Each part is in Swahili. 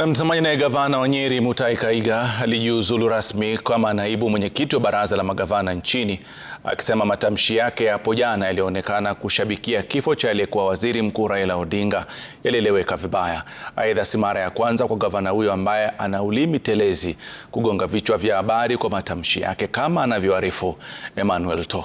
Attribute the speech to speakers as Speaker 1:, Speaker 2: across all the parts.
Speaker 1: Na mtazamaji, naye gavana wa Nyeri Mutahi Kahiga alijiuzulu rasmi kama naibu mwenyekiti wa baraza la magavana nchini, akisema matamshi yake hapo jana yaliyoonekana kushabikia kifo cha aliyekuwa waziri mkuu Raila Odinga yalieleweka vibaya. Aidha, si mara ya kwanza kwa gavana huyo ambaye ana ulimi telezi kugonga vichwa vya habari kwa matamshi yake, kama anavyoarifu Emmanuel To.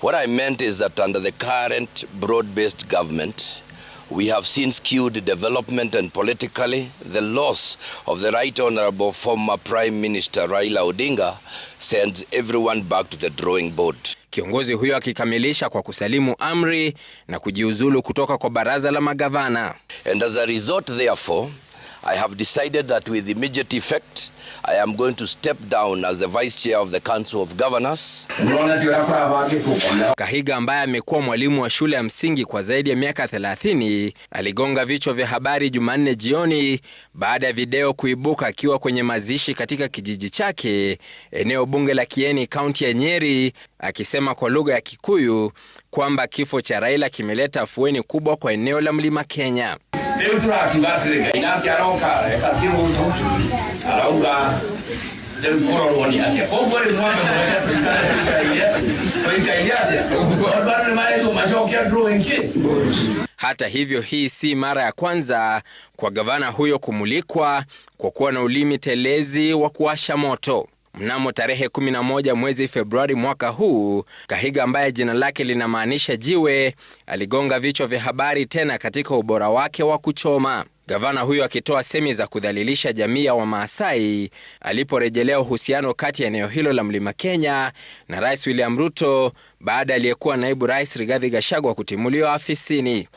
Speaker 2: What I meant is that under the current broad-based government, we have seen skewed development and politically the loss of the right honorable former prime minister Raila Odinga sends everyone back to the drawing board.
Speaker 3: Kiongozi huyo akikamilisha kwa kusalimu amri na kujiuzulu kutoka kwa baraza la magavana.
Speaker 2: And as a result therefore I have decided that with immediate effect, I am going to step down as the vice chair of the council of governors.
Speaker 3: Kahiga ambaye amekuwa mwalimu wa shule ya msingi kwa zaidi ya miaka 30 aligonga vichwa vya habari Jumanne jioni baada ya video kuibuka akiwa kwenye mazishi katika kijiji chake eneo bunge la Kieni, kaunti ya Nyeri, akisema kwa lugha ya Kikuyu kwamba kifo cha Raila kimeleta afueni kubwa kwa eneo la Mlima Kenya. Det är ju klart att det är innan jag råkar, jag kan ju inte också. Alla ura, den korolonia. Jag kommer inte ihåg hata hivyo, hii si mara ya kwanza kwa gavana huyo kumulikwa kwa kuwa na ulimi telezi wa kuasha moto. Mnamo tarehe 11 mwezi Februari mwaka huu, Kahiga ambaye jina lake linamaanisha jiwe, aligonga vichwa vya habari tena katika ubora wake wa kuchoma. Gavana huyo akitoa semi za kudhalilisha jamii ya Wamaasai aliporejelea uhusiano kati ya eneo hilo la Mlima Kenya na Rais William Ruto baada aliyekuwa naibu rais Rigathi Gachagua kutimuliwa afisini.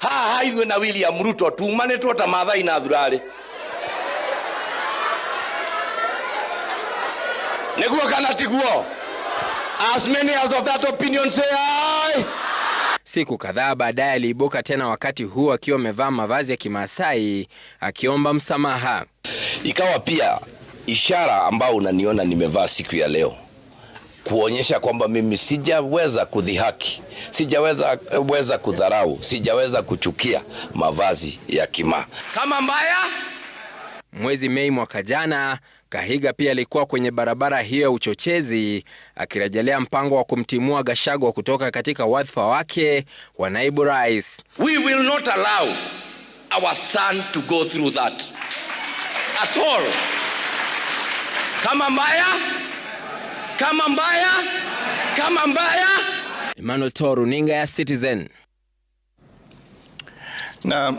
Speaker 4: na William Ruto na nĩguo kana tiguo as many as of that opinion say aye.
Speaker 3: Siku kadhaa baadaye aliibuka tena, wakati huu akiwa amevaa mavazi ya Kimaasai akiomba msamaha.
Speaker 5: Ikawa pia ishara ambayo unaniona nimevaa siku ya leo kuonyesha kwamba mimi sijaweza kudhihaki, sijaweza weza kudharau, sijaweza kuchukia mavazi ya Kimaa
Speaker 6: kama mbaya.
Speaker 3: Mwezi Mei mwaka jana Kahiga pia alikuwa kwenye barabara hiyo ya uchochezi akirejelea mpango wa kumtimua Gachagua kutoka katika wadhifa wake wa naibu rais.
Speaker 2: We will not allow our son to go through that at all. Kama mbaya, kama mbaya, kama mbaya. Emmanuel Toru, Runinga ya Citizen na